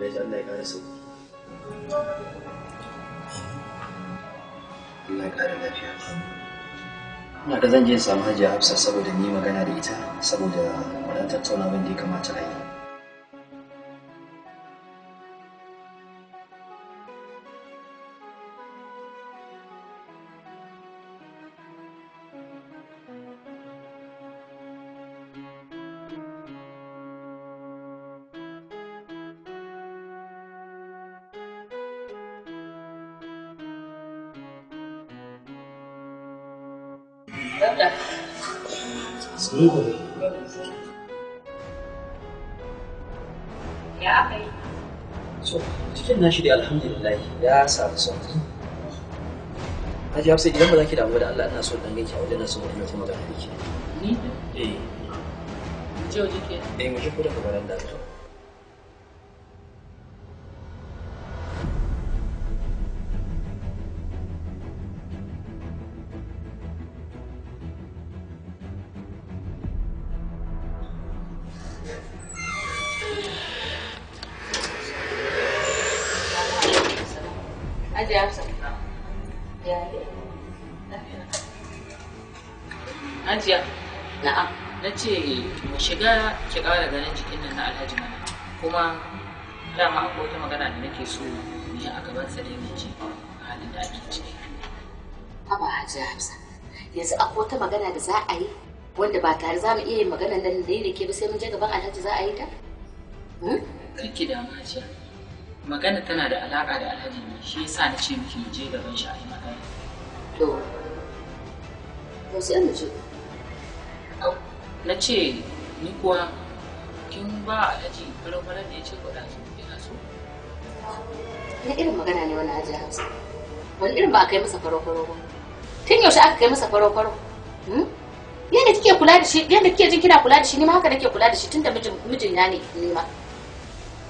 na ji Allah ya ƙara sauki Allah lafiya ina da zan je samu hajiya hafsa saboda ni magana da ita saboda wadda tattauna da ya kamata a yi Ya kai. So, cikin nashi dai alhamdulillah ya samu sauki. Haji Hafsa idan ba za ki damu da Allah ina so dan gaiki a wajen nan saboda ina kuma da kake. Ni? Eh. Je waje ke. Eh, mu je ko da kabaran da. Ajiya. Na'am. Na ce mu shiga ki ƙara ganin jikin nan na Alhaji mana. Kuma dama akwai wata magana da nake so mu yi a gaban sa da mu ji halin da ake ciki. Haba Hajiya Hafsa. Yanzu akwai wata magana da za a yi wanda ba tare za mu iya yin magana nan da da ke ba sai mun je gaban alhaji za a yi ta? Karki hmm? da mace. Magana tana da alaƙa da alhaji ne shi yasa na ce miki je gaban shi a yi magana. To, to sai an je. Na ce ni kuwa kin ba alhaji farar da ya ce kuɗa su yana so. Na irin magana ne wani hajji Hausa. Wani irin ba a kai masa faro-faro ba. Tun yaushe aka kai masa faro-faro? Hmm? yadda kike kula da shi yadda kike jin kina kula da shi ni ma haka nake kula da shi tunda mijin mijin ya ne ni ma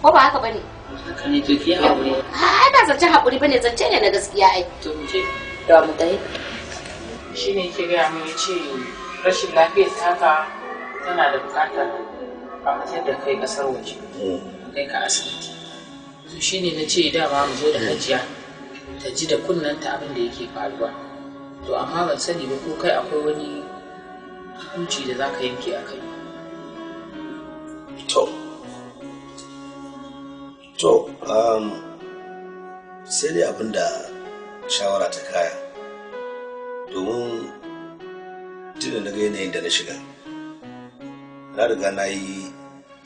ko ba haka bane haka ne to ki ai ba zance hakuri bane zance ne na gaskiya ai to ce da mu dai ne ke ga mu ce rashin lafiyar ta haka tana da bukatar a fitar da kai kasar waje kai ka asibiti shi ne na ce dama mu zo da hajiya ta ji da kunnanta abin da yake faruwa to amma ban sani ba ko kai akwai wani hukunci da za ka yanke a kai to to um, sai dai abin da shawara ta kaya domin tun na ga yanayin da na shiga na riga na yi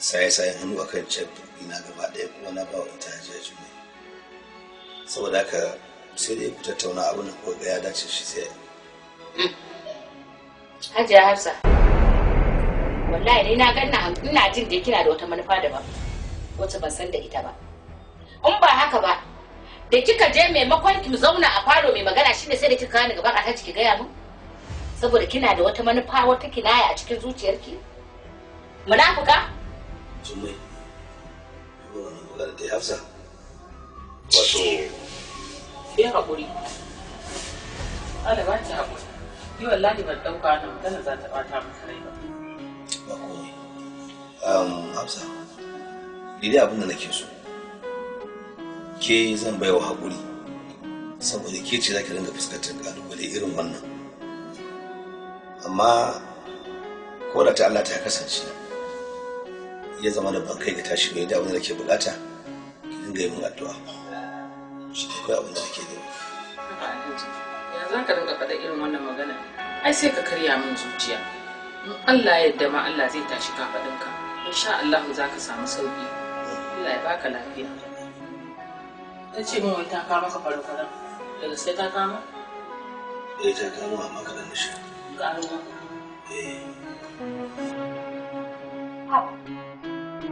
saye-sayen hannu a kan cef ina gaba ɗaya kuma na ba wa ita hajiya jimai saboda haka sai dai ku tattauna abin da kuka ga ya dace shi sai Hajiya Hafsa. Wallahi ni na ganna ina jin da kina da wata manufa da ba. Wata ban san da ita ba. In ba haka ba, da kika je maimakon ki zauna a falo mai magana shine sai da kika kawo ni gaban alhaji ki gaya mun. Saboda kina da wata manufa wata kinaya a cikin zuciyarki. Munafuka? Jummai. Magana da Hafsa. Wato. Ya haƙuri. Ana ba ta Yi wallahi ban ɗauka wannan magana za ta ɓata maka rai ba. Ba komai. Um, Hafsa, daidai abin da nake so. Ke zan baiwa haƙuri. Saboda ke ce zaki dinga fuskantar ƙalubale irin wannan. Amma ko da ta Allah ta kasance ya zama da ban kai ga tashi bai da abin da nake bukata ki dinga yin addu'a. Shi ne kawai abin da nake nema. za ka dinga faɗa irin wannan magana ai sai ka karya min zuciya in Allah ya yarda ma Allah zai tashi ka ka insha Allah za ka samu sauki Allah ya baka lafiya ta ce min wai ta kama maka farfaran da gaske ta kama eh ta kama amma kaɗan da shi ƙaruwa eh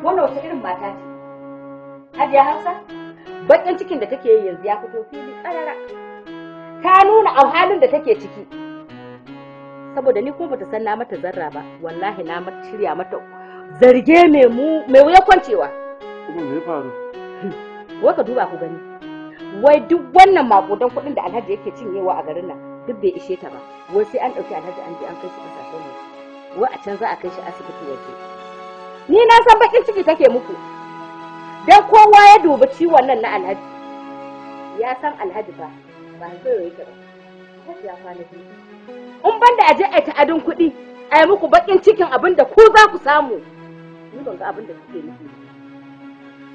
wannan wata irin mata ce Hadiya Hafsa bakin cikin da take yi yanzu ya fito fili ƙarara ta nuna a halin da take ciki saboda ni ko bata san na mata zarra ba wallahi na mata shirya mata zarge mai mu mai wuya kwancewa kuma me faru ka duba ku gani wai duk wannan makudan kuɗin da Alhaji yake cinyewa a garin nan duk bai ishe ta ba wai sai an ɗauki Alhaji an je an kai shi kasashen ne wai a can za a kai shi asibiti yake ni na san bakin ciki take muku dan kowa ya dubi ciwon nan na Alhaji ya san Alhaji ba. ba in ban da aje ai ta'adin kuɗi a yi muku baƙin cikin abin da ku za ku samu ni ban ga abin da kuke nufi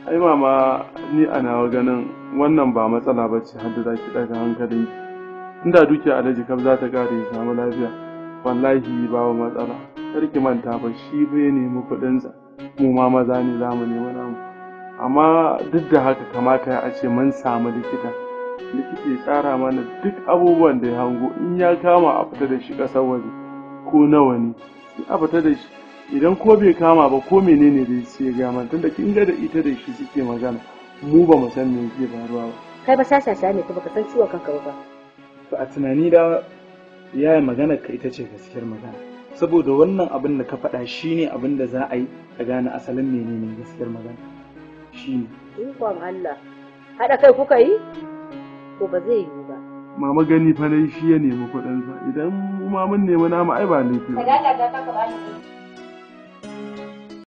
ai mama ni ana ganin wannan ba matsala ba ce har za ki ɗaga hankalin inda duke alhaji kam za ta ƙare samu lafiya wallahi babu matsala kar ki manta ba shi fa nemi kuɗinsa mu ma maza ne za mu nemi namu amma duk da haka kamata a ce mun samu likita da kike tsara mana duk abubuwan da ya hango in ya kama a fita da shi ƙasar waje ko nawa ne a fita da shi idan ko bai kama ba ko menene da sai gama? mantan da kin ga da ita da shi suke magana mu ba mu san me yake faruwa ba kai ba sasa ne ba ka san ciwon kanka ba to a tunani da yaya magana ka ita ce gaskiyar magana saboda wannan abin da ka faɗa shine abin da za a yi a gane asalin menene gaskiyar magana shine ikon Allah haɗa kai kuka yi ko ba zai yiwu ba mama gani fa dai shi ya nemi kuɗinsa idan mamun mun nemi nama ai ba laifi ba ka lalata ka ba ni